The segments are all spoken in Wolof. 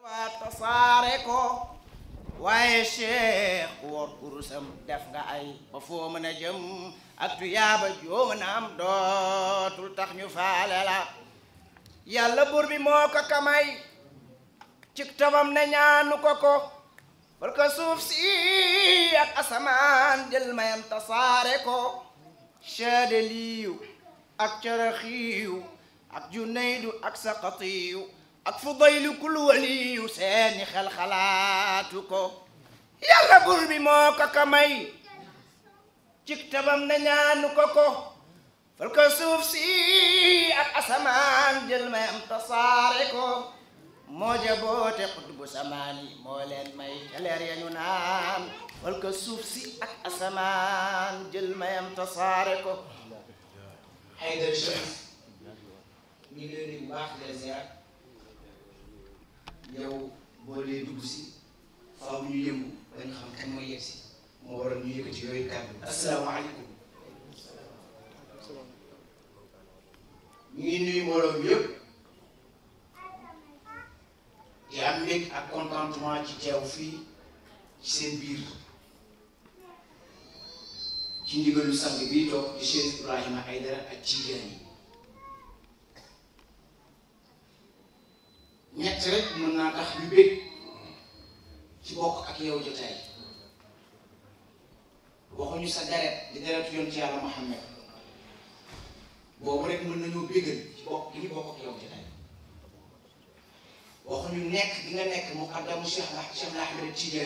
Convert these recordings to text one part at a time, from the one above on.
waa tasaare ko waaye cheikh wor kurusam def nga ay ba foo mën a jëm ak tuyaaba joo mën a tax ñu faale la yàlla buur bi kamay ci tabam ne ñaanu ko ko parce que si ak asamaan jël mayam tasaare ko chadeliyu ak caraxiyu ak junaydu ak saqatiyu ak fudaylu kul waliyu seeni xel xalaatu ko yàlla bi moo ko ko may cik tabam na ñaanu ko ko fal ko suuf si ak asamaan jël may am ko moo jaboote xutbu samaan yi moo leen may caleer ya ñu naan fal suuf si ak asamaan jël may am ko yow boo dee si faaw ñu yëngu xam kan mooy yegg si moo waral ñu yooyu kàddu asalaamaaleykum ñu ngi nuyu mbooloo mi yëpp di ak contentement ci teew fii ci seen biir ci ndigalu sang bii toog di Cheikh Ibrahima Aïdara ak ci jigéen yi ñett rek mën naa tax ñu bég ci bokk ak yow jotaay waxuñu sa deret di deretu yoon ci yàlla boobu rek mën nañoo bégal ci bokk gi ñu bokk ak yow jotaay waxuñu nekk di nga nekk muqaddamu Cheikh Ndax Cheikh Ndax ci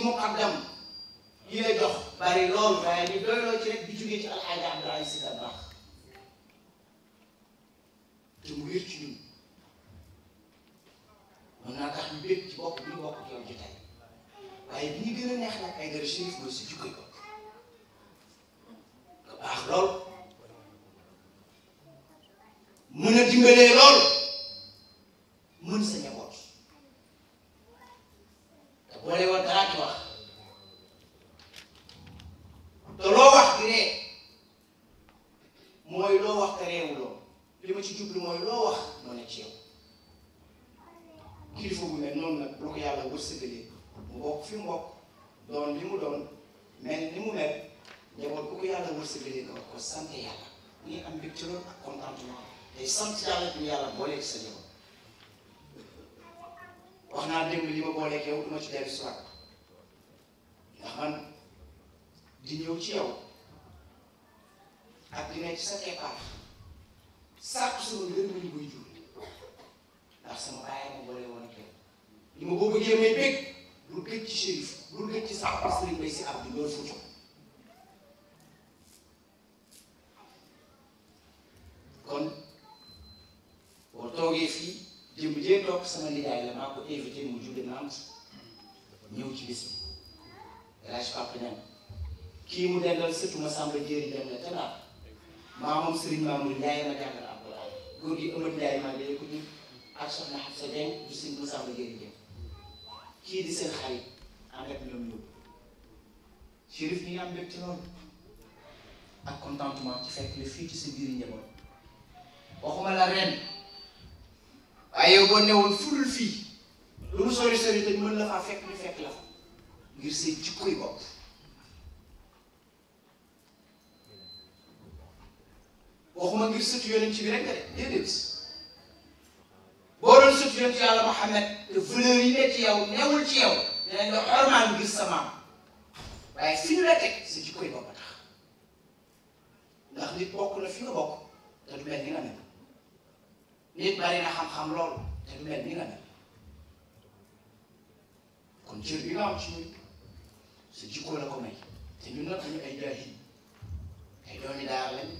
bokk gi yi lay jox bari loolu waaye ñu doyloo ci rek di jugee ci alxaaji Abdoulaye Si Dabakh te mu wér ci ñun mën naa tax bég ci bokk bi ñu bokk ci yow jotaay waaye bi ñu gën a neex nag ay dara Chérif mooy si jukkoy bopp nga baax lool mën a dimbalee lool mën sa njaboot te boole woon dara ci wax sant yàlla bi ñu yàlla booleeg sa njaboot wax naa démb li ma booleeg yow du ma ci dellu si waat ndax man di ñëw ci yow ak di nekk sa keppaar sàkku sama ngeen mu ñu koy jur ndax sama bàyyi ma boole woon ak yow li ma boo bëggee may bég lu gëj ci shérif lu gëj ci sax sëriñ bay si ab di loolu fuutu kon ma toogee fii jëmm jee toog sama nijaay la maa ko invité mu jóge Nantes ñëw ci bis bi El Hadj Papa Niang kii mu dendal surtout ma Samba Jéeri dem na tanaat maa moom Serigne Mamour Ndiaye ma jàngal Alxuraan góor gi Amady Ndiaye maa ngi ko ñu ak soxna Xabsa Dieng du Serigne ma Samba Jéeri dem kii di seen xarit ànd ak ñoom yóbbu Chérif ñu ngi am mbégte loolu ak contentement ci fekk le fii ci sa biir njaboot la ren waaye boo newoon fudul fii lu mu sori sori te mën la faa fekk ñu fekk la fa ngir say jikkoy bopp waxuma ngir sëtu yonent bi rek nga de déedéet boo doon sëtu yonent yàlla Muhammad te valeur yi ne ci yow newul ci yow dinañ la xormaal ngir sa maam waaye fi ñu la teg sa jikkoy bopp a tax ndax nit bokk na fi nga bokk te du mel ni nga mel nit bari na xam-xam loolu te du mel ni nga mel kon cër bi nga am ci ñun sa jikkoo la ko may te ñun nag ay jaahil ay doomi daara lañ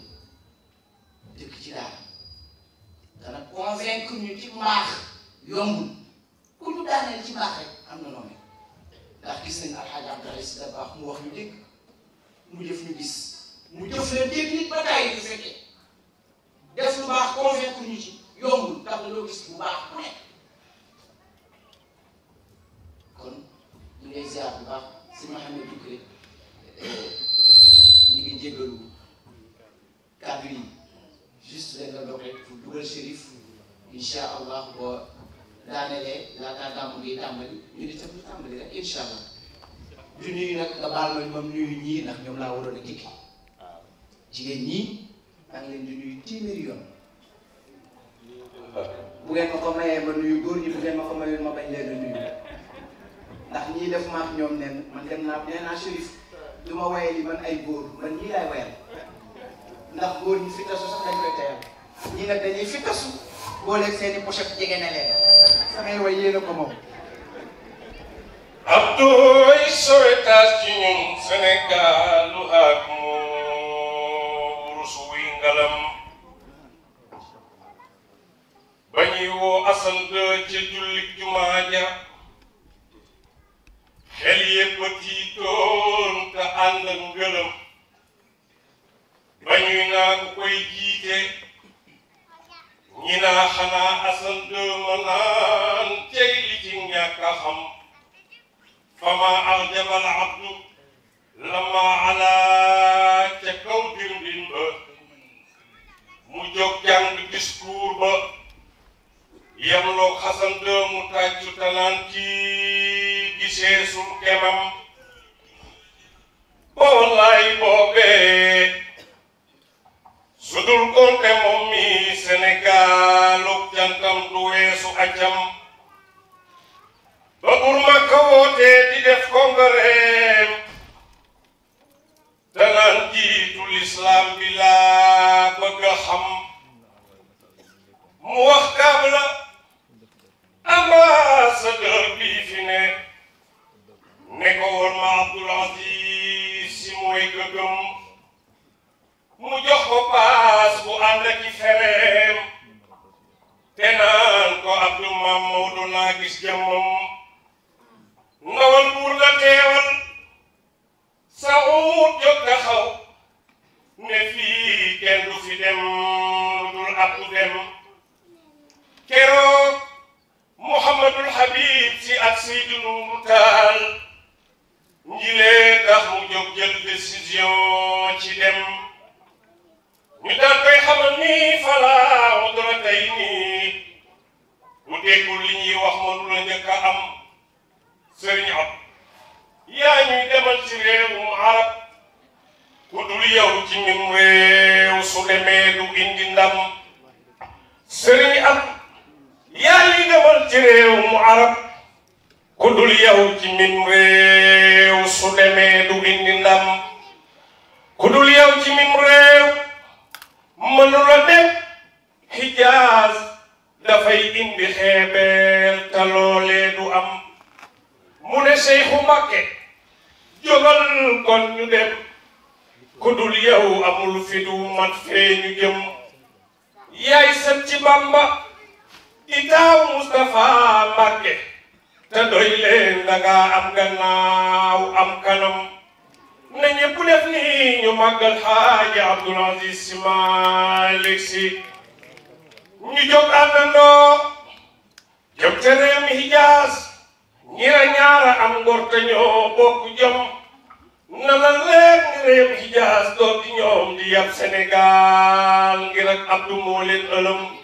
dëkk ci daara dana convaincre ñu ci mbaax yombul ku ñu daaneel ci mbaax rek am na noo mel ndax gis nañ alxaaji Abdoulaye Si Dabaax mu wax ñu dégg mu jëf ñu gis mu jëf la dégg nit ba tàyyi bu fekkee def lu baax convaincre ñu ci yombul tax na loo gis kon ñu ngay ziar bu si Mouhamed Doucouré euh, ñu ngi jégalu kàddu yi juste da nga doog rek fu dugal shérif incha allah boo daanelee laataa gàmm gi tàmbali ñu di tam ñu allah du nuyu nag nga baal ma moom nuyu ñii ndax ñoom laa waroon a jëkki ah. jigéen ñii maa ngi leen di nuyu bu ngeen ma ko mayee ma nuyu góor ñi bu ma ko mayul ma bañ leen ndax ñii def ma ak ñoom nen man dem naa nee naa Chérif du ma wayee li man ay góor man ñii laay wayal ndax góor ñi fi sax dañ koy teyal ñii nag dañuy fi tasu booleeg seen i pochette jege na leen samay way yéen ko moom. Abdoul Soritas ci ñun Sénégal lu ak moom rusu wuy ngalam. ba ñuy woo asant ca jullit jumaa ja xel yépp tiitoon te ànd ak ngërëm ba ñuy naa ku koy jiite ñi naa xanaa asant ma naan cey li ci ñàkk a xam fama arjabal abdu lama ala ca kaw dimbin ba mu jóg jàng discours ba yemloo xasanta mu tàccu talaan ci gisee sul kemam ba wallaay boobee su dul konte moom mi Sénégaluk jantam du weesu acam ba bur makka di def congrès talaan jiitu lislaam bi laa bëgg a mu wax kaab ambassadeur bii fi ne ne ko woon ma Abdoul Aziz si mooy gëgëm mu jox paas bu ànd ak te naan ko Abdou Mam Maodo naa gis jëmmam ndawal buur la teewal sa uut jóg taxaw ne fii kenn du fi dem dul ab du dem keroog muhammadul habib si ak Seydi Nourou Tall njilee tax mu jóg jël décision ci dem ñu daan koy ni falaa udra tey nii mu déggul li ñuy wax mënu la njëkk a am sëriñ ab yaa ñuy demal ci réewum su demee du ndam sëriñ ab yaa ngi demal ci réew mu arab ku dul yow ci min su demee du indi ndam ku dul yow ci min réew mënula dem dafay indi xeebeel te du am mu ne Seyxu Mbàkke jógal kon ñu dem ku dul yow amul fi du mat fee ñu yaay sët ci Bàmba di taaw Moustapha Mbacké te doy leen da ngaa am gannaaw am kanam na ñëpp def ni ñu màggal Xaaji Abdoul Aziz Sy Malick Sy ñu jóg àndandoo jëm te réew mi Hijaas ñira ñaara am ngor te ñoo bokk jëm na la leer ni réew mi Hijaas doon di ñoom di yab Sénégal ngir ak Abdou moo leen ëlëm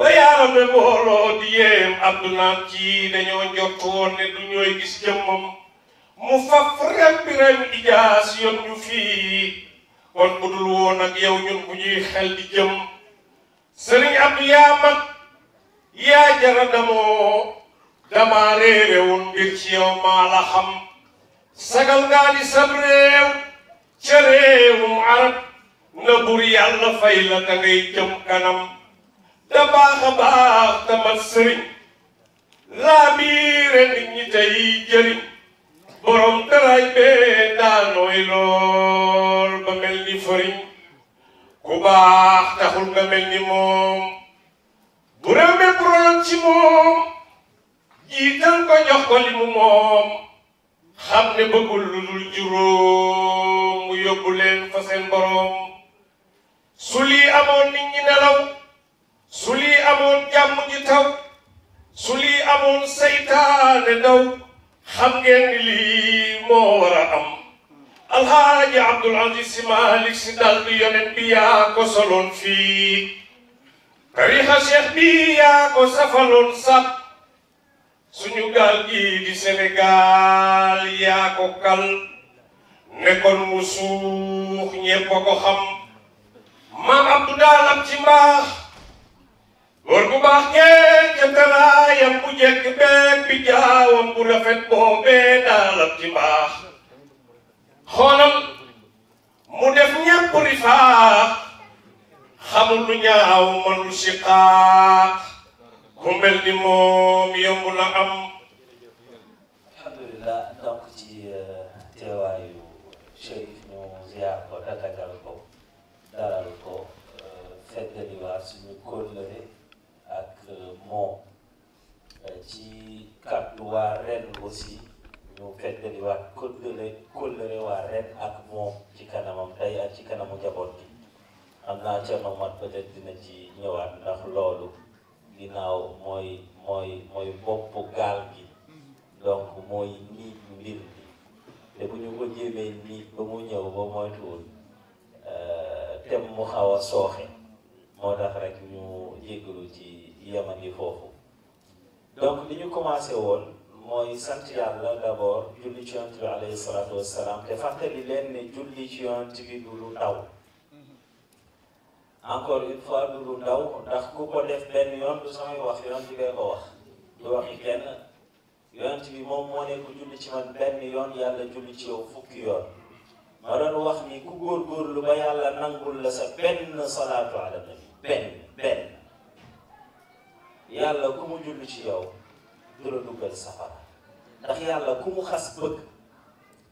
ba yàlla ba mbooloo di yéem abdu naan ci dañoo njort woon ne du ñooy gis jëmmam mu faf rem bi rem yoon ñu fii bu dul woon ak yow ñun bu ñuy xel di jëm sëriñ abdu yaa mag yaa jara damaa réere woon mbir ci yow maa la sagal ngaa di sab réew na bur yàlla fay la da jëm kanam te baax a baax te sëriñ laamiire nit ñi jëriñ borom daraay bee daanooy lool ba ni fëriñ ku baax taxul ni moom bu réew mi ci moom jiital ko jox ko li moom xam ne bëggul juróom mu yóbbu borom su amoon nit ñi nelaw su lii amoon jàmm ji taw su lii amoon seytaane daw xam ngeen ni lii moo war a abdul aziz si malik si dal bi bi yaa ko soloon fii tarixa cheikh bi yaa ko safaloon sab suñu gaal gi di sénégal yaa ko kal nekkoon mu suux ñépp a ko xam maam abdu daalam ci góor gu baax ca taraayam bu jekk bi jaawam bu rafet boobee daalam ci baax xoolal mu def ñépp rifaax xamul lu ñaaw mënul si xaax ku mel ni moom yomb la am alhamdulilah donc ci euh, teewaayu Chérif ñu ziar ko tatagal ko dalal ko euh, feddaliwaat suñu kóllëre moom ci kàddu waa ren aussi ñu feddali waat kóllëre kóllëre ak moom ci kanamam tey ak ci kanamu njaboot bi xam naa ca nomat peut-être ci ñëwaat ndax loolu ginnaaw mooy mooy mooy boppu gaal gi donc mooy niit mbir bi te bu ñu ko jéemee niit ba mu ñëw ba tem mu xaw a sooxe moo tax rek ñu yemandi foofu donc li ñu commencé woon mooy sant yàlla d'abord julli ci yonent bi alayhi salaatu wassalaam te fàttali leen ne julli ci yonent bi ndaw mm-hmm. encore une fois du ndaw ndax ku ko def benn yoon du samay wax yonent bi ngay ko wax du kenn yonent bi moom moo ne ku julli ci man benn yoon yàlla julli ci yow fukki yoon ma doon wax ni ku góorgóorlu ba yàlla nangul la sa benn salaatu ala nabi benn benn yàlla ku mu julli ci yow du la duggal safara ndax yàlla ku xas bëgg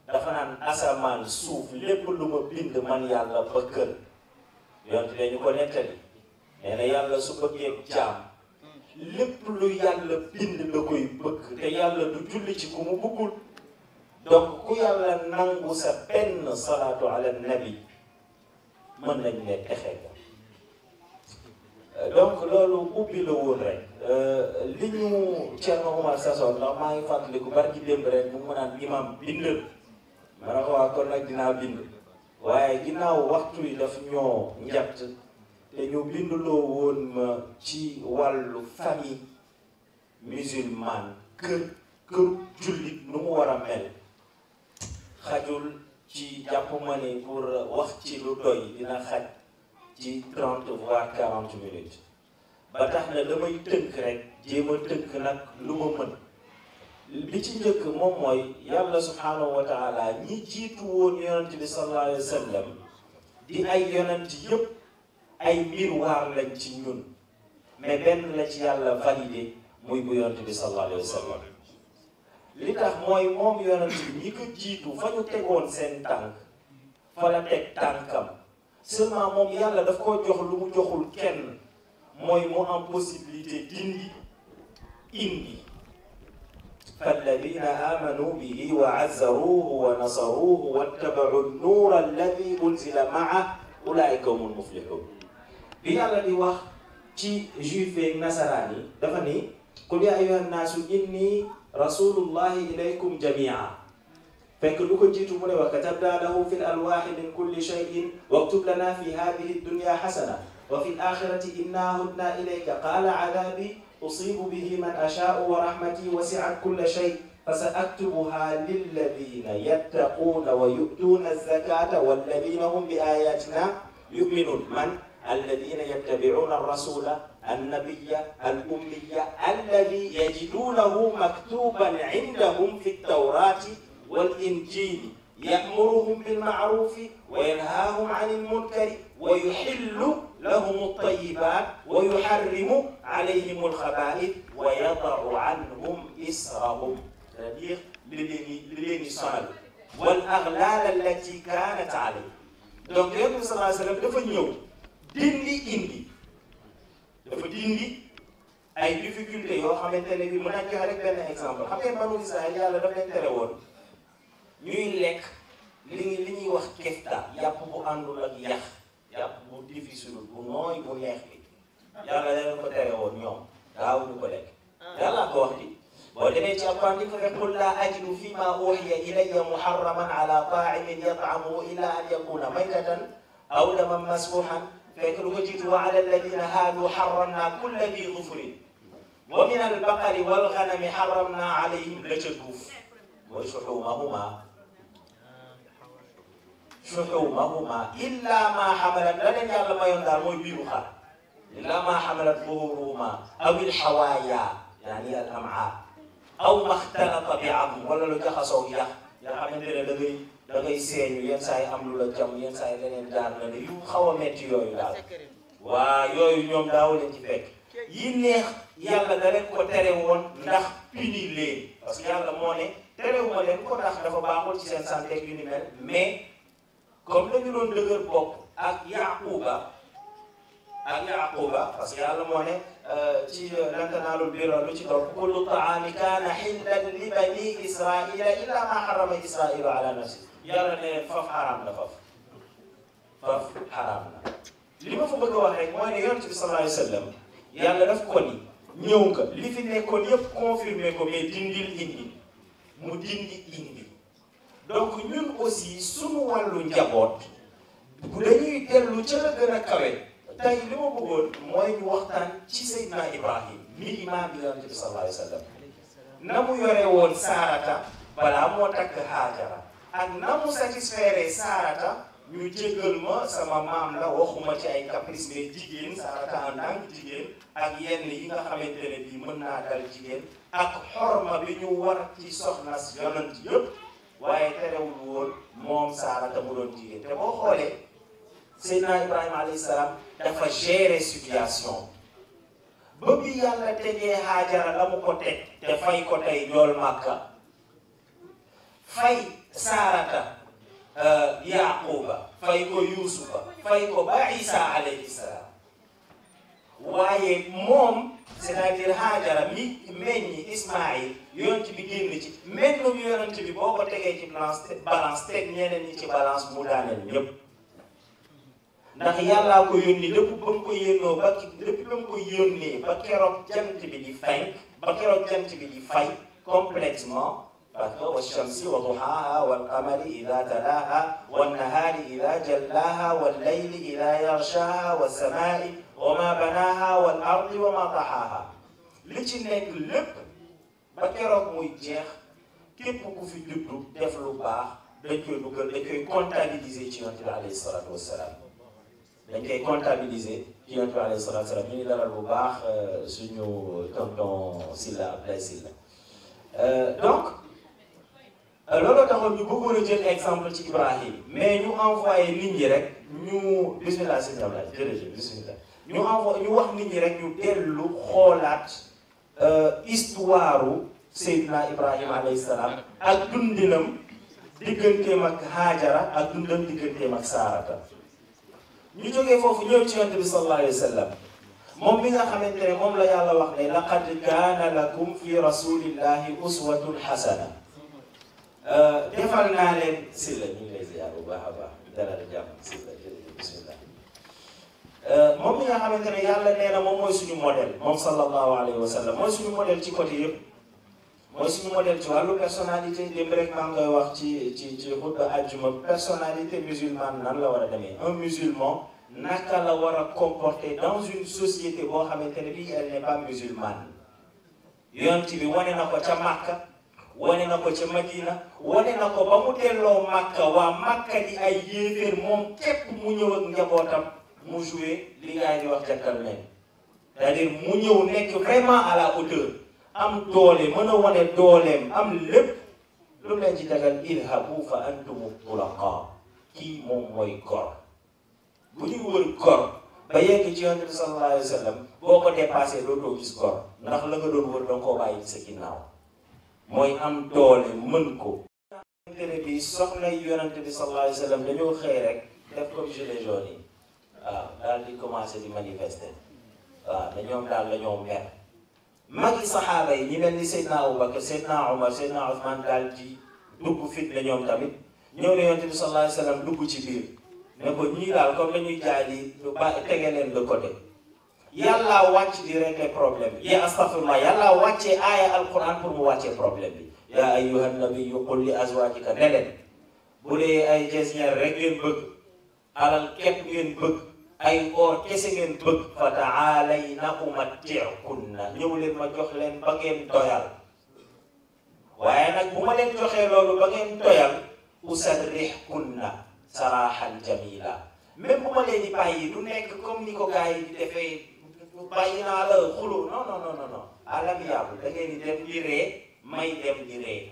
dafa naan asamaan suuf lépp lu ma bind man yàlla bëggal yonte dañu ko nettali nee na yàlla su bëggee jaam lépp lu yàlla bind da koy bëgg te yàlla du julli ci ku mu bëggul ku yàlla nangu sa benn salaatu ala nabi mën nañ ne texe donc loolu ubbi la woon rek euh, li ñu Thierno Oumar Sassoon ndax maa ngi fàttaliku barki démb rek bu mu naan imam bindal ma ne ko waa kon nag dinaa bind waaye ginnaaw waxtu yi daf ñoo njabt te ñu ma ci wàllu famille musulmane kër kër jullit nu mu war a mel xajul ci jàpp ma ne pour wax ci lu ci trente voire quarante minutes ba tax na la may tënk rek jéem tënk nag lu ma mën li ci njëkk moom mooy yàlla subhaanahu wa taala ñi jiitu woon yonent bi sallallahu alayhi di ay yonent yëpp ay miroir lañ ci ñun mais benn la ci yàlla validé muy bu yonent bi sallallahu alayhi li tax mooy moom yonent ñi ko jiitu fa ñu tegoon seen tànk fa la teg tànkam seulement moom yàlla daf koo jox lu mu joxul kenn mooy mu am possibilité dindi indi falladina amanu bihi wa azzaruuhu wa nasaruuhu wattabacu nnuur alladi unzila maca ulaika humul muflixuun bi yàlla di wax ci juif yeeg nasaraan yi dafa ni qul yaa ayuha nnaasu inni rasulullahi ilaykum jamia fekk lu ko jiitu mu ne wa katabna lahu fi l alwaaxi min kulli cheyin waktub lana fi hadihi dunya xasana wa fi l axirati inna hudna ilayka qaala adaabi usibu bihi man ashaau wa rahmati wasiat kulla chey fa sa aktubuha lilladina yattaquuna wa yu'tuuna alzakata walladina hum bi ayatina yuminuun man alladina yattabicuuna alrasula annabiya alummiya alladi yajiduunahu maktuban indahum fi ltawrati والإنجيل يأمرهم بالمعروف وينهاهم عن المنكر ويحل لهم الطيبات ويحرم عليهم الخبائث ويضع عنهم إسرهم c'est-à-dire li leen li leen di sonal wal aglaal allati kaanat alay donc yonent bi sallallahu alayhi wasallam dafa ñëw dindi indi dafa dindi ay difficultés yoo xamante ne bi mën naa joxe rek benn exemple xam ngeen banu Israël yàlla daf leen tere woon ñuy lekk li ñuy li ñuy wax kefta yàpp bu àndul ak yax yàpp bu difficile bu nooy bu neex bi yàlla leen ko tere woon ñoom daawuñu ko lekk yàlla ko wax di boo demee ci alquran di ko fekk qul laa ajidu fi ma uxiya ilayya muharraman ala taa'imin yat'amuhu illa an yakuna maytatan aw daman masfuhan fekk lu ko jiitu wa ala alladina haadu xarramna kulla di dufrin wa min albaqari walganami xarramna alayhim la ca duuf mooy suxuumahuma shuhumahuma illa ma hamalat la leen yàlla mayoon daal mooy biiru xar illa ma hamalat zuhuruhuma aw il hawaaya yaani al amaa aw maxtalata bi am wala lu jaxasoo yax nga xamante ne da ngay da ngay seeñu yenn saa yi am lu la jam yenn saa yi leneen jaar na ne yu xaw a metti yooyu daal waa yooyu ñoom daaw leen ci fekk yi neex yàlla da leen ko tere woon ndax puni leen parce yàlla moo ne terewuma leen ko ndax dafa baaxul ci seen santé yu ni comme dañu doon dëgër ak yaquba ak yaquba parce que yàlla moo ne euh, ci lan euh, tanaalul birra lu ci topp kullu taami kaana xillan li bani israila illa ma xarama israilu ala nafsi yàlla ne faf xaraam na faf faf li ma fa bëgg a wax rek bi sallallahu alayhi wa sallam yàlla daf ko ni ñëw nga li fi nekkoon ko mais dindil indi mu dindi indi donc ñun aussi suñu wàllu njaboot bu dañuy dellu ca la gën a kawe ma bëggoon mooy ñu waxtaan ci Seydina Ibrahim mi imaam bi bi sallallahu alayhi wa na mu yore woon saarata balaa moo takk haajara ak na mu satisfaire saarata ñu jéggal ma sama maam la waxuma ci ay caprice mais jigéen saarata en tant que jigéen ak yenn yi nga xamante ne mën naa dal jigéen ak xorma bi ñu war ci soxna yonent yëpp waaye terewul woon moom saara te mu doon jigéen te boo xoolee Seydina Ibrahima alayhi salaam dafa gérer situation ba bi yàlla tegee Haajara la mu ko teg te fay ko tey njool Màkka fay saarata euh, Yaquba fay ko Yuusufa ba Isa alayhi salaam waaye moom c'est-à-dire Haajara mi meññi Ismaïl yonent bi génn ci meññum yonent bi boo ko tegee ci balance balance teg ñeneen ñi ci balance mu daaneel ñëpp ndax yàllaa ko yónni lépp ba mu ko yónnoo ba lépp ba mu ko yónnee ba keroog jant bi di fay ba keroog jant bi di fay complètement parce que والشمس وضحاها والقمر إذا تلاها والنهار إذا جلاها والليل إذا يغشاها والسماء wa ma banaaha wal ardi wa ma taxaaha li ci nekk lépp ba keroog muy jeex képp ku fi juddu def lu baax dañ koy dugal dañ koy comptabiliser ci yonent bi alayhi salaatu wassalaam dañ koy comptabiliser ci yonent bi alayhi salaatu wassalaam ñu ngi dalal bu baax euh, suñu tonton Sylla Abdoulaye Sylla euh, donc euh, looloo taxoon ñu bëggoon a jël exemple ci Ibrahim mais ñu envoyé ligne rek ñu bismillah sëñ Abdoulaye jërëjëf bismillah ñu envo ñu wax ni ñi rek ñu dellu xoolaat euh, histoire Seydina Ibrahima alayhi salaam ak dundinam digganteem ak Haajara ak dundam digganteem ak Saarata ñu jógee foofu ñëw ci yonent bi sallallahu alayhi moom mi nga xamante ne moom la yàlla wax ne laqad kaana lakum fi rasulillahi uswatun xasana euh, defal naa leen si ñu ngi lay ziar baax a baax dalal jàmm si Euh, moom mi nga xamante ne yàlla nee na moom mooy suñu modèle moom sallallahu alayhi wa sallam mooy suñu modèle ci côté yëpp mooy suñu modèle ci wàllu personnalité démb rek maa ngi koy wax ci ci ci xutba ajjuma personnalité musulmane nan la war a demee un musulman naka la war a comporter dans une société boo xamante ne bii elle n'est pas musulmane yonent bi wane na ko ca Makka wane na ko ca Madina wane na ko ba mu delloo Makka waa Makka di ay yéeféer moom képp mu ñëw ak njabootam mu joué li gars yi di wax jakkal nañ cest mu ñëw nekk vraiment à la hauteur am doole mën a wane dooleem am lépp lu leen ci dagal idhabu fa antumu tulaqa kii moom mooy gor bu ñu wër gor ba yegg ci yonent bi sallallahu alayhi wa boo ko dépassé dootoo gis gor ndax la nga doon wër danga koo bàyyi sa ginnaaw mooy am doole mën ko internet bi soxna yonent bi sallallahu alayhi wa dañoo xëy rek def comme gilets yi waaw daal di commencé di manifester waaw dañoom ñoom daal la ñoom mer magi saxaaba yi ñi mel ni Seydina Aboubacar Seydina Omar Seydina Ousmane daal di dugg fitna ñoom tamit ñëw ne yonent bi sallallahu alayhi wa sallam dugg ci biir ne ko ñii daal comme dañuy jaay di ba tege leen de côté yàllaa wàcc di régler problème bi ya astafirullah yàllaa wàccee aaya alquran pour mu wàccee problème bi yaa ayyuhan nabiyyu qul li azwaajika ne bu dee ay ges ñaar rek ngeen bëgg alal képp ngeen bëgg ay oor kese ngeen bëgg fa taaleyna umatti'kunna ñëw leen ma jox leen ba ngeen doyal waaye nag bu ma leen jamila même ma leen di bàyyi nekk comme ni di defee bàyyi naa la xuloo non non alam yàlla da ngeen dem di may dem di ree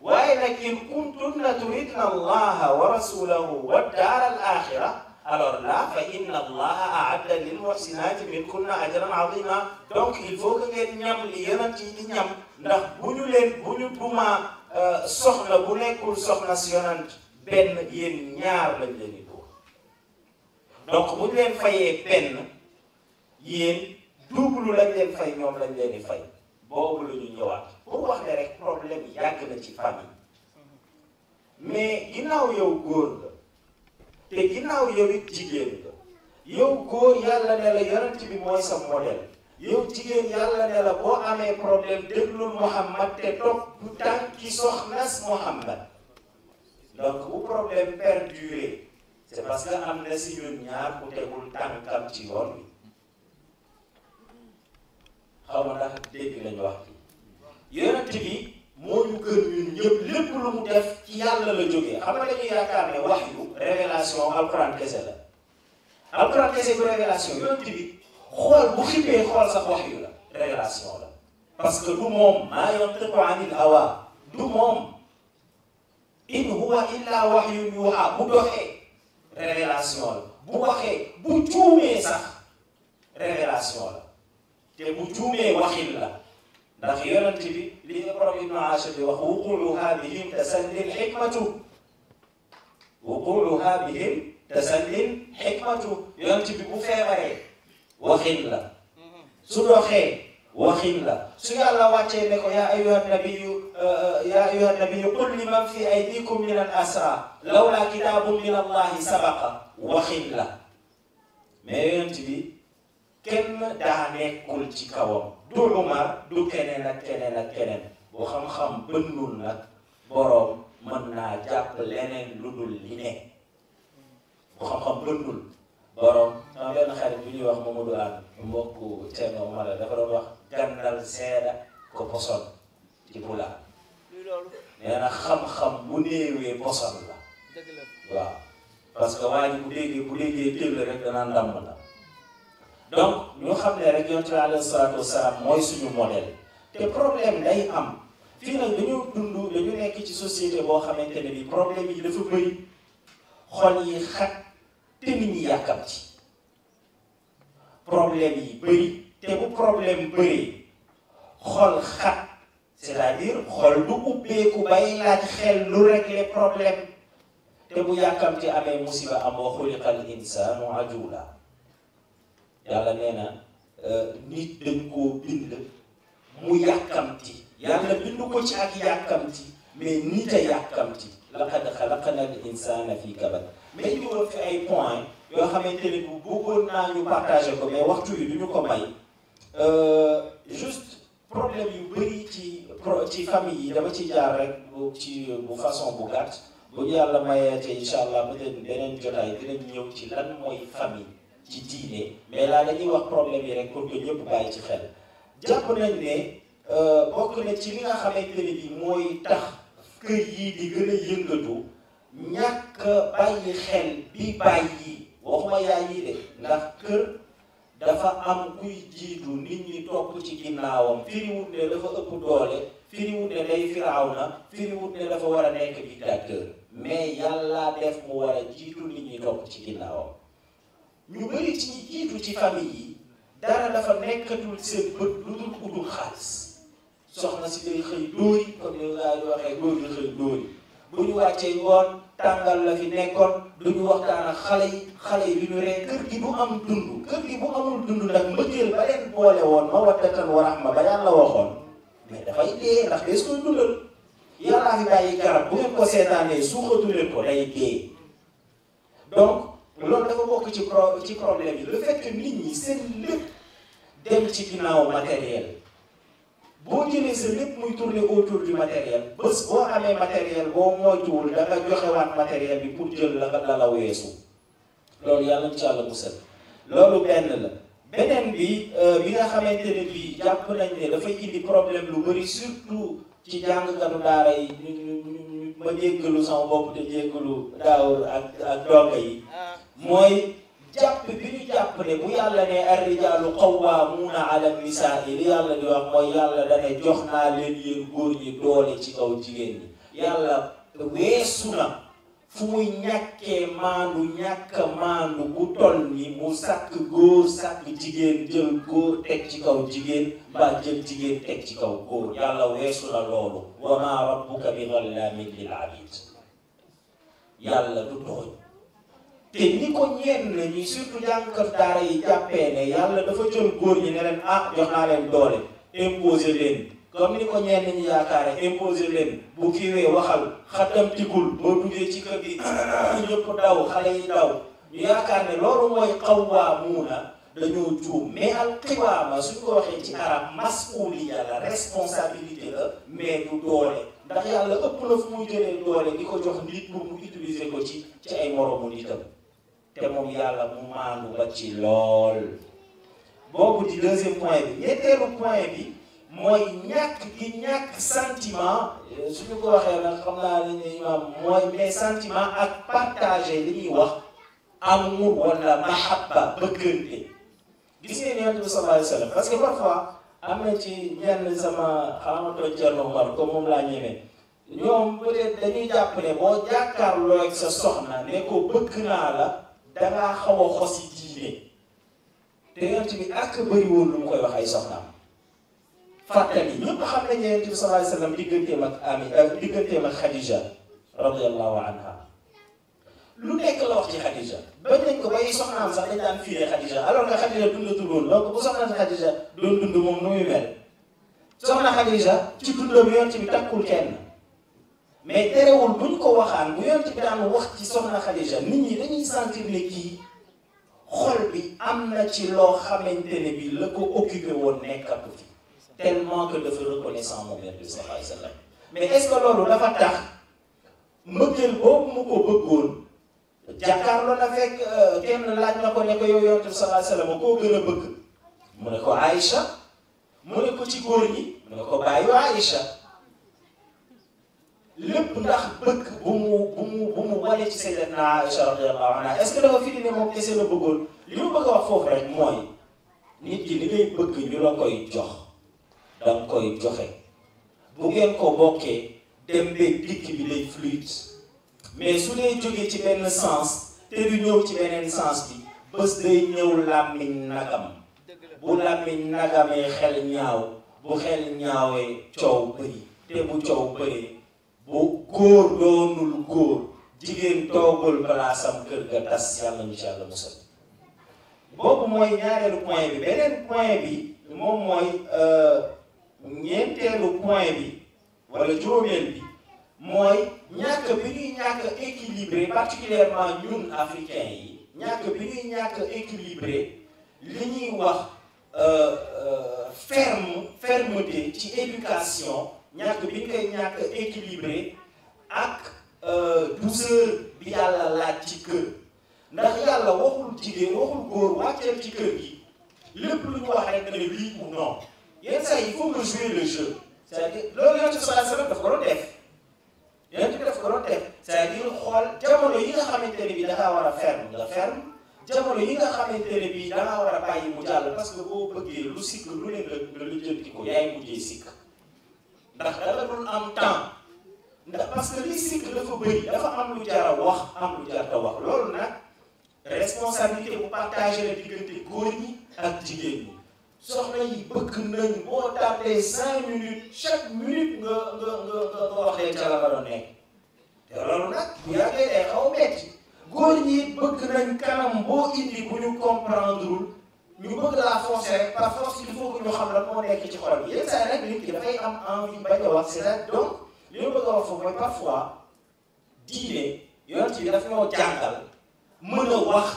waaye in kuntunna turidna allaha wa rasulahu wa daara al alors là fa inna a aadda lil muhsinaati minkunna ajran azima donc il faut que ngeen ñam li yonent yi di ñam ndax bu ñu leen bu ñu dumaa euh, soxna bu nekkul soxna si yonent benn yéen ñaar lañ leen di donc bu ñu leen fayee benn yéen double lañ leen fay ñoom lañ leen di fay boobu la ñu ñëwaat pour wax ne rek problème yàgg na ci famille mais ginnaaw yow góor te ginnaaw yow it jigéen nga yow góor yàlla ne la yonent bi mooy sa modèle yow jigéen yàlla ne la boo amee problème déglul Muhammad te topp tànki soxnas Muhammad donc bu problème perduré c'est parce que am na si ñun ñaar ku tegul tànkam ci yoon bi xaw ma ndax dégg lañu wax bi yonent moo ñu gën ñun ñëpp lépp mu def ci yàlla la jógee xam nga dañuy yaakaar ne wax yu révélation alxuraan kese la alxuraan kese bu révélation yonent bi xool bu xippee xool sax wax yu la révélation la parce que du moom maa yantiqu anil hawa du moom in huwa illa wahyun yuha bu doxee révélation la bu waxee bu juumee sax révélation la te bu juumee waxin la ndax yonent bi li ibrahim ibnu aashir bi wax wuquuha bihim tasallin xikmatu wuquuha bihim tasallin xikmatu yonent bi bu feebaree waxin la su doxee waxin la su yàlla wàccee ne ko yaa ayyuhan nabiyyu eh, yaa ayyuhan nabiyyu qul liman fi aydikum min al asra lawlaa kitaabun min allahi sabaqa waxin la mais yonent bi kenn daa nekkul ci kawam du Umar du keneen ak keneen ak keneen bu xam-xam bënnul nag boroom mën naa jàpp leneen lu dul li ne bu xam-xam bënnul boroom sama benn xarit bi ñuy wax Mamadou Anne mbokku Thierno Omar dafa doon wax gàndal seeda ko poson ci pulaar nee na xam-xam bu néewee poson la waaw parce que waa bu déggee bu déggee téel rek danaa ndàmb la donc ñoo xam ne rek yonent bi alayhi salaatu wasalaam mooy suñu modèle te problème day am fii nag dañu dund dañu nekk ci société boo xamante ne bi problème yi dafa bëri xol yi xat te nit ñi yàkkam ci problème yi bëri te bu problème bëri xol xat c'est-à-dire xol du ubbeeku bay laaj xel lu régler problème te bu yàkkamti amee musiba amoo xuliqal insaanu ajula yàlla nee na euh, nit dañ koo bind mu yàkkamti yàlla bind ko ci ak yàkkamti mais nit a yàkkamti laqad xalaqna al insana fii kabad mais indi woon fi ay point yoo xamante ne bu bëggoon naa ñu partagé ko mais waxtu yi du ñu ko may euh, juste problème yu bëri ci ci famille yi dama ciy jaar rek ci bu façon bu gàtt bu yàlla mayee te incha allah peut-être beneen jotaay dinañ ñëw ci lan mooy famille ci diine mais laa dañuy wax problème yi rek pour que ñëpp bàyyi ci xel jàpp nañ ne euh, bokk na ci li nga xamante ne bi mooy tax kër yii di gën a yëngatu ñàkk bàyyi xel bi bàyyi waxuma yaay yi de ndax kër dafa am kuy jiitu nit ñi topp ci ginnaawam firiwut ne dafa ëpp doole firiwut ne day firaaw na firiwut ne dafa war a nekk dictateur mais yàlla def mu war a jiitu nit ñi topp ci ginnaawam ñu bëri ci ñi ci famille yi dara dafa nekkatul seen bët lu dul utul xaalis soxna si day xëy dóori comme ni nga waxee góor bu ñu wàccee ngoon tàngal la fi nekkoon duñu waxtaan ak xale yi xale yi du ñu ree kër gi bu am dund kër gi bu amul dund nag mbëggeel ba leen boole woon ma waddatan wa rahma ba yàlla waxoon mais dafay dee ndax des koy dundal yàllaa fi bàyyi garab bu ngeen ko seetaanee suuxatu leen ko day dee loolu dafa bokk ci pro ci problème yi le fait que nit ñi seen lépp dem ci ginnaaw matériel boo jëlee sa lépp muy tourner autour du matériel amee matériel boo moytuwul da nga joxewaat matériel bi pour jël la la la weesu loolu yàlla na ci yàlla musal loolu benn la beneen bi euh, bi nga xamante ne bii jàpp nañ ne dafay indi problème lu bëri surtout ci jàngkatu daara yi ñu ñu ma jéggalu sama bopp te jéggalu daawul ak ak yi ah. mooy jàpp bi ñu jàpp ne bu yàlla ne arrijaalu qawwaamuuna ala nisaa'i li yàlla di wax mooy yàlla dana jox naa leen yéen góor ñi doole ci kaw jigéen yàlla weesu na fu muy ñàkkee maandu ñàkk maandu bu toll ni mu sàkk góor sàkk jigéen jël góor teg ci kaw jigéen ba jël jigéen teg ci kaw góor yàlla weesu na loolu wa maa rabbuka bi dhallaamin lil abiid yàlla du tooñ te ñi ko ñenn ñi surtout jànkatu daara yi jàppee ne yàlla dafa jël góor ñi ne leen ah jox naa leen doole imposer leen comme ni ko ñenn ne yaakaare imposer leen bu kiiwee waxal xaddam tigul boo duggee ci kër gi ñëpp daw xale yi daw ñu yaakaar ne loolu mooy qawwaamuuna dañoo juum mais al qiwaama suñ ko waxee ci arab masuuliya la responsabilité la mais du doole ndax yàlla ëpp na fu muy jëlee doole di ko jox nit pour mu utiliser ko ci ci ay moromu nitam te moom yàlla mu maandu ba ci lool boobu di deuxième point bi ñetteelu point bi mooy ñàkk gi ñàkk sentiment suñu ko waxee nag xam naa ne ni imam mooy mais sentiment ak partager li ñuy wax amour wala mahabba bëggante gis ngeen yonent bi sallallahu alayhi wa sallam parce que parfois am na ci ñenn sama xamatoo Cerno Umar comme moom laa ñemee ñoom peut-être dañuy jàpp ne boo jàkkaarloo ak sa soxna ne ko bëgg naa la dangaa xaw a xosi diine te ci bi ak bëri woon lu mu koy wax ay soxnaam fàttali ñëpp xam nañ ne yonent bi sallallahu alayhi wa sallam digganteem ak ami euh, digganteem ak Khadija radiyallahu lu nekk la wax ci Khadija bañ nañ ko bay soxnaam sax dañ daan fiire Khadija alors que Khadija dundatul woon donc bu soxnaan Khadija doon dund moom nu muy mel soxna Khadija ci dundam yonent bi takkul kenn mais terewul buñ ko waxaan mu yoon ci daan wax ci soxna Khadija nit ñi dañuy sentir ne kii xol bi am na ci loo xamante ne bi la ko occupé woon nekkatu fi tellement que dafa reconnaissant moom bi sallallahu alayhi wa sallam mais est ce que loolu dafa tax mbëggeel boobu mu ko bëggoon jàkkaarloo na fekk euh, kenn laaj na ko ne ko yow yonent bi sallallahu alayhi wa koo gën a bëgg mu ne ko Aïcha mu ne ko ci góor ñi mu ne ko bàyyi Aïcha lépp ndax bëgg bu mu bu mu bu mu wane ci sayyidatna Aïcha radiyallahu anha est-ce que dafa firi ne moom kese la bëggoon li mu bëgg wax foofu rek mooy nit ki li ngay bëgg ñu la koy jox danga koy joxe bu ngeen ko bokkee dem beeg dikk bi day fluide mais su dee jógee ci benn sens te du ñëw ci beneen sens bi bés day ñëw làmmiñ nagam bu làmmiñ nagamee xel ñaaw bu xel ñaawee coow bëri te bu coow bëree bu góor doonul góor jigéen toogul palaasam kër ga tas yàlla ñu ci yàlla musal boobu mooy ñaareelu point bi beneen point bi moom mooy euh, ñeenteelu point bi wala juróomeel bi mooy ñàkk bi ñuy ñàkk équilibré particulièrement ñun africains yi ñàkk bi ñuy ñàkk équilibré li ñuy wax euh, euh, ferme fermeté ci éducation ñàkk bi ñu koy ñàkk équilibré ak euh, douceur bi yàlla laaj ci kër ndax yàlla waxul jigéen waxul góor wàcceel gi lépp lu ñu wax rek nga ne oui ou non yenn saa yi il faut nga jouer le jeu c'est-à-dire loolu yonent bi sallallahu alayhi wa sallam daf ko doon def yonent bi daf ko doon def c'est-à-dire xool yi nga xamante ne bi da ngaa war a ferme nga ferme jamono yi nga xamante ne bi da ngaa war a bàyyi mu jàll que boo lu sikk lu ne nga lu jënti ko yaay mujjee sikk ndax dala dul am temps ndax parce que liy sikk dafa bëri dafa am lu jar wax am lu jar a wax loolu nag responsabilité bu partagé la diggante góor ñi ak jigéen ñi soxna yi bëgg nañ boo tardé cinq minutes chaque minute nga nga nga nga wax ca la nga nekk te loolu nag bu yàggee day xaw a metti góor ñi bëgg nañ kanam boo indi bu ñu comprendrewul mu bëgg laa la rek par il faut que ñu xam lan moo nekk ci xol bi yenn saa yi nag nit ki dafay am envie bañ a wax c'est donc li ma bëgg a wax di mooy parfois diine yonent bi daf ñoo jàngal mën a wax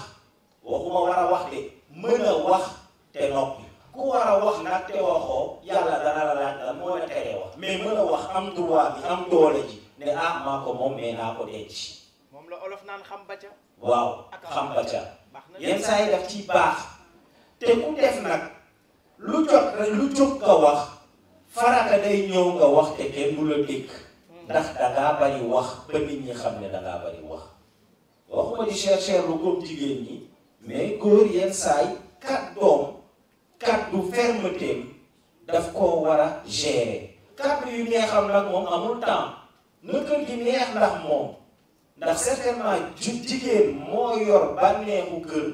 waxuma war a wax de mën wax te noppi ku war a wax nag te waxoo yàlla dana la laaj moo la teree wax mais mën wax am droit bi am doole ji ne ah maa ko moom naa ko denc. moom la xam ba ca. waaw xam ba ca baax. te ku def nag lu jot rek lu jóg nga wax farata day ñëw nga wax te kenn du la dégg ndax dangaa bari wax ba nit ñi xam ne dangaa bari wax waxuma di chercher lu comme jigéen ñi mais góor yenn saay kàddoom kàddu fermeté daf koo war a gérer kàddu yu neexam nag moom amul temps na kër gi neex ndax moom ndax certainement ju jigéen moo yor bànneexu kër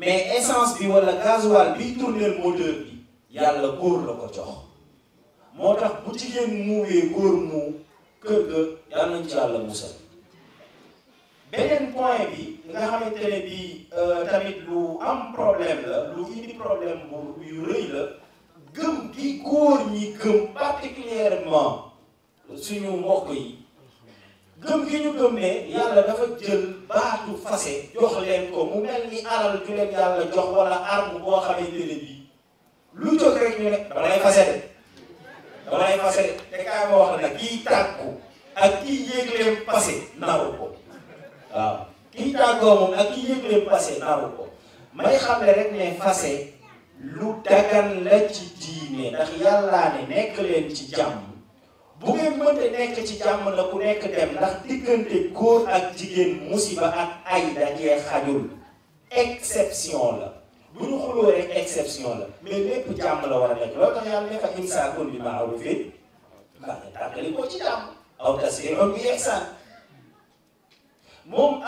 mais essence bi wala gasoil biy tourner moteur bi yàlla góor la ko jox moo tax bu jigéen muuwee góor mu kër ga yàlla nañ ci yàlla musal beneen point bi nga xamante ne bi euh, tamit lu am problème la lu indi problème bu yu rëy la gëm gi góor ñi gëm particulièrement suñu mbokk yi gëm gi ñu gëm ne yàlla dafa jël baatu fase jox leen ko mu mel ni alal ju leen yàlla jox wala arme boo xamante ne bii lu jóg rek ñu ne dama lay fase de dama lay fase de te kaay ma kii tàggu ak kii yéegleem fase naru ko kii tàggoo moom ak kii yéegleem fase may xam ne ne fase lu dagan la ci diine ndax yàllaa ne nekk leen ci jàmm bu ngeen mënta nekk ci jàmm la ku nekk dem ndax diggante koor ak jigéen musiba ak ay dajee xajul exception la bu ñu xuloo rek exception la mais lépp jàmm la war a nekk loolu tax yàlla ne ko ci jàmm aw tasrihun bi ihsaan moom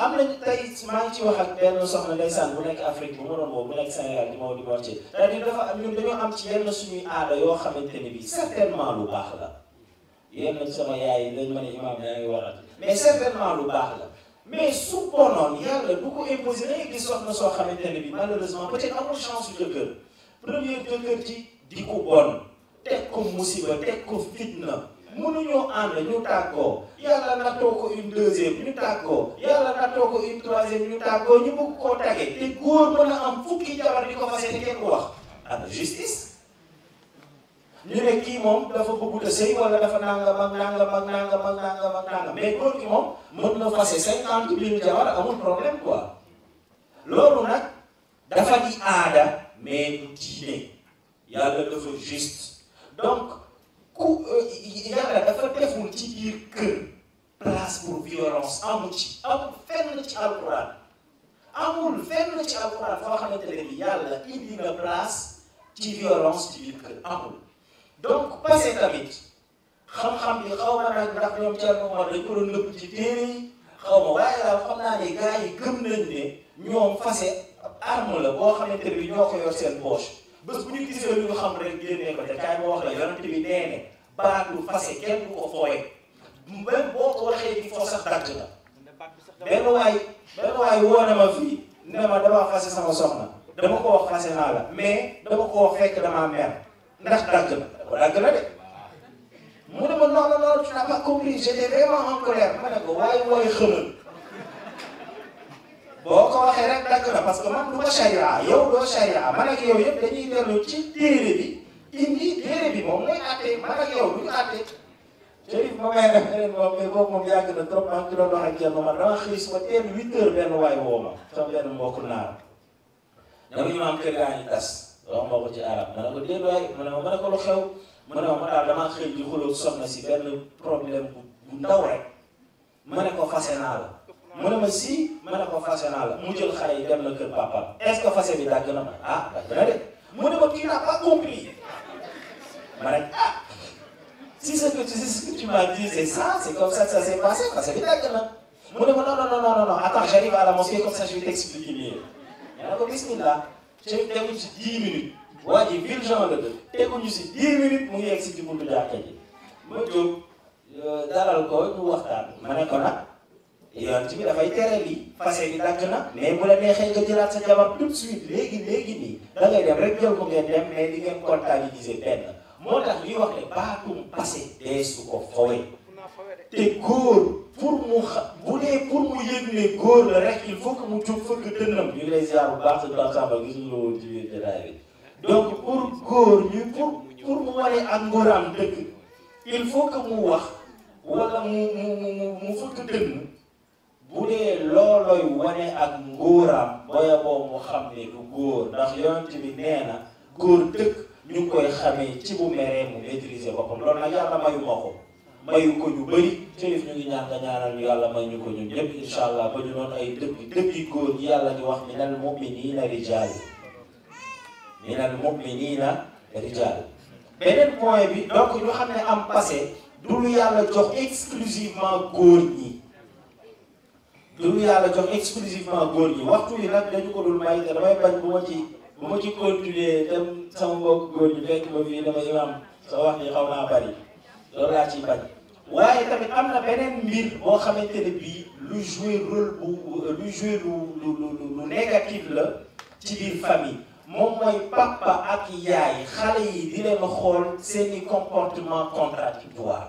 ci wax ak benn soxna ndeysaan bu nekk Afrique bu ma doon bu nekk Sénégal di ma woo di ma wax ci c'est-à-dire am ñun dañoo am ci yenn suñuy aada yoo xamante ne bii certainement lu baax la yenn sama yaay yi dañ ma ne imaam yaa ngi waral mais certainement lu baax la mais su bonoon yàlla du ko imposer da ngay gis soxna soo xamante ne bi malheureusement peut-être amul chance su jëkkër premier jëkkër ji di ko bon teg ko musiba teg ko fitna mënuñoo ànd ñu tàggoo yàlla nattoo ko une deuxième ñu tàggoo yàlla nattoo ko une troisième ñu tàggoo ñu bëgg koo tage te góor mën a am fukki jabar di ko fase te kenn du wax am justice ñu ne kii moom dafa bëggut a sëy wala dafa nangam ak nangam ak nangam ak nangam ak nangam mais góor gi moom mën na fase cinquante mille jabar amul problème quoi loolu nag dafa di aada mais du diine yàlla dafa juste donc ku euh, yàlla dafa deful ci biir kër place pour violence amul ci amul fenn ci alquran amul fenn ci alquran foo xamante ne bi yàlla indi na place ci violence ci biir kër amul donc passé tamit xam-xam bi xaw ma nag ndax ñoom Thierno Omar dañ ko doon nëbb ci téere xaw ma waaye daal xam naa ne gars yi gëm nañ ne ñoom fase arme la boo xamante bi ñoo ko yor seen poche bés bu ñu gisee lu ñu xam rek génnee ko te kaay ma wax la yonent bi nee ne baatu fase kenn du ko fooye même boo ko waxee ci fo sax dagg la benn waay benn waay woo na ma fii ne ma dama fase sama soxna dama ko wax fase naa la mais dama ko fekk damaa mer ndax ko dagg de mu ne ma non non non tu n'as pas compris j'étais vraiment en ma ne ko waaye waaye xamal boo ko waxee rek dagg na parce que man du ma charia yow doo charia man ak yow yëpp dañuy dellu ci téere bi indi bi moom mooy àtte man ak yow du ñu àtte ma may def ren moom mais boobu moom yàgg na trop maa ngi doon wax ak Thierno man dama xëy suba teel huit heures benn waay woo ma sama benn mbokk naar dama ñu ma am kër tas. wax ma ko arab ma ne ko déet waay ma ne ma ne ko lu xew ma ne ma ma ah, daal damaa xëy di xuloo soxna si benn problème bu ndaw rek ma ne ko fase naa la mu ne ma si ma ne ko fase naa la mu jël xale yi na kër papaam est-ce que bi dàgg na ah dàgg na de mu ne ma kii n'a pas compris ma ne ah si ce que tu si ce que tu m'as dit c'est ça c'est comme ça que ça s'est passé fase bi dàgg na mu ne ma non non non non non attends j'arrive à la mosquée comme ça je vais t'expliquer mieux suñ teguñ si 10 minutes waa ji Ville-Jean la dëkk teguñu si 10 minutes mu yegg si ci buntu jàkka ji ma jóg euh, dalal ko ñu waxtaan ma ne ko nag yoon ci bi dafay tere lii fase bi dàkk na mais bu la neexee nga jëlaat sa jabar tout de suite léegi léegi nii da dem rek jël ko ngeen dem mais di ngeen moo tax ñuy wax ne baatum passé dee su ko fowee te góor pour mu xa bu dee mu yëg ne góor la rek il faut que mu jóg fëgg dënnam ñu ngi lay ziar bu baax sëñ Pape Samba gisuñu la woon ci biir jotaay bi donc pour góor ñu pour mu waree ak ngóoraam dëgg mu wax wala mu mu mu mu fëgg dënn bu dee loolooy wane ak ngóoraam booya mu xam ne du góor ndax yonent bi nee na góor dëkk ñu ngi koy xamee ci bu meree mu maîtriser boppam loolu nag yàlla mayu ma mayu ko ñu bëri Cherif ñu ngi ñaan nga ñaanal ñu yàlla may ñu ko ñun ñëpp incha allah ba ñu doon ay dëpp dëpp yi góor ñi yàlla di wax minal mu'minina rijaal minal mu'minina rijaal beneen point bi donc ñu xam ne am passé du lu yàlla jox exclusivement góor ñi du lu yàlla jox exclusivement góor ñi waxtu yi nag dañu ko dul may te damay bañ bu ma ci bu ma ci continuer dem sama mbokk góor ñi fekk ma fii dama imam sa wax ni xaw naa bari loolu laa ciy waaye tamit am na beneen mbir boo xamante ne bii lu jouer rôle lu lu lu négatif la ci biir famille moom mooy papa ak yaay xale yi di leen xool seeni comportement contradictoire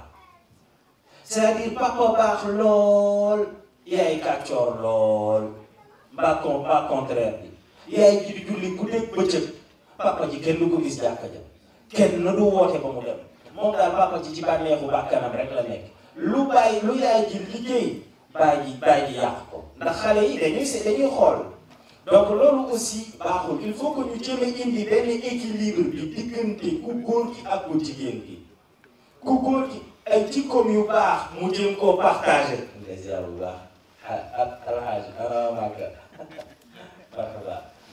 c'est-à-dire papa baax lool yaay kàccoor lool mbaa contraire bi yaay julli ku nekk bëccëg papa ji kenn ko gis jàkka ja kenn du woote ba mu moom daal papa ji ci bànneexu bàkkanam rek la nekk lu bàyyi lu yaay ji liggéey bàyyi ji bàyyi ji yàq ko ndax xale yi dañuy se dañuy xool donc loolu aussi baaxul il faut que ñu jéem a indi benn équilibre bi diggante ku góor gi ak ku jigéen gi ku góor gi ay jikkoom yu baax mu jéem koo partagé. ndeysaan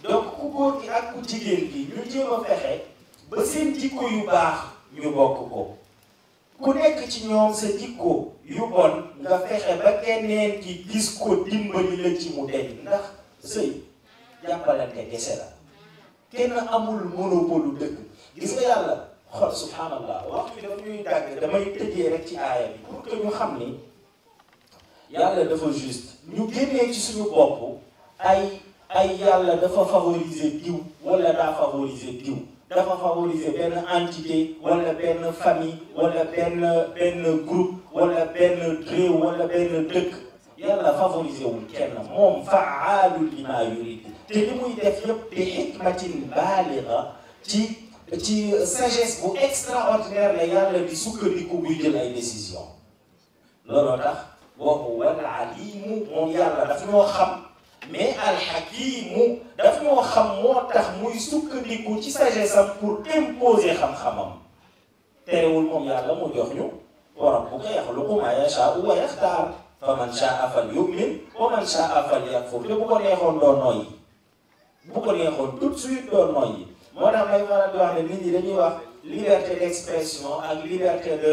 bu ku góor gi ak ku jigéen gi ñu jéem a fexe ba seen jikko yu baax. ñu bokk ko ku nekk ci ñoom sa jikko yu bon nga fexe ba keneen ki gis ko dimbali la ci mu deñ ndax sëy jàppalante dese la kenn amul monopole dëkk gis nga yàlla xol subhanallah wax bi dafa ñuy dàgg damay tëjee rek ci aaya bi pour que ñu xam ni yàlla dafa juste ñu génnee ci suñu bopp ay ay yàlla dafa favoriser diw wala daa favoriser diw dafa favoriser benn entité wala benn famille wala benn benn groupe wala benn réew wala benn dëkk yàlla favoriser wul kenn moom faalul lima yurid te li muy def yëpp bi xikmatin baaliga ci ci sagesse bu extraordinaire la yàlla di sukkandiku buy jël alimu moom yàlla daf ñoo xam mais alxakimu daf ñoo xam moo tax muy sukkandiku ci sagesse am pour imposer xam-xamam terewul moom yàlla mu jox ñu wa rabbuka yaxluqu ma yashaau wa yaxtaar fa man shaa fal yumin wa man shaa fal yakfur te bu ko neexoon doon nooyi bu ko neexoon tout de suite doon nooyi moo tax may faral di wax ne nit ñi dañuy wax liberté d'expression ak liberté de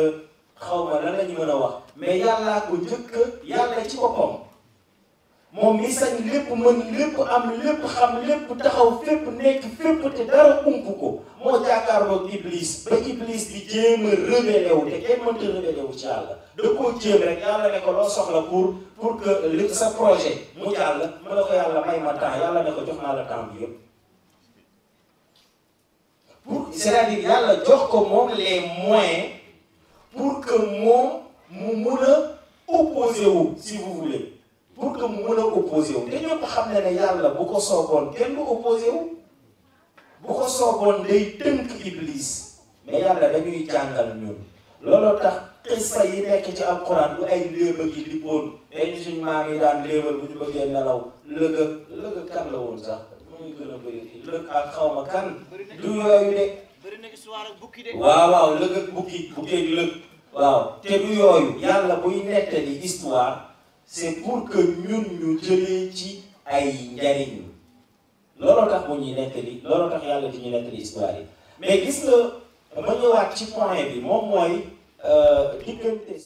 xaw ma lan la ñu mën a wax mais yàllaa ko njëkk yàlla ci boppam moom mi sañ lépp mën lépp am lépp xam lépp taxaw fépp nekk fépp te dara ump ko moo jàkkaarloog iblis ba iblis di jéem a révélé wu te kenn mënta révélé wu yàlla da koo jéem rek yàlla ne ko loo soxla pour pour que li sa projet mu jàll mu ne ko yàlla may ma temps yàlla ne ko jox naa la temps bi pour cest yàlla jox ko moom les moyens pour que moom mu mun a opposé si vous pour que mu mën a opposé wu te ñëpp xam ne ne yàlla bu ko sooboon kenn du opposé bu ko sooboon day tënk iblis mais yàlla dañuy jàngal ñun looloo tax xissa yi nekk ci alquran du ay léeba gi di boon day ñu suñ maam yi daan léebal bu ñu bëggee nelaw lëga lëga kan la woon sax muy gën a bëri lëg ak xawma kan du yooyu de waaw waaw lëg ak bukki lëg waaw te du yooyu yàlla buy nettali histoire c'est pour que ñun ñu jëlee ci ay njariñ looloo tax mu ñuy nekk li looloo tax yàlla di ñu nekk li histoire yi mais gis nga ma ñëwaat ci point bi moom mooy euh, diggante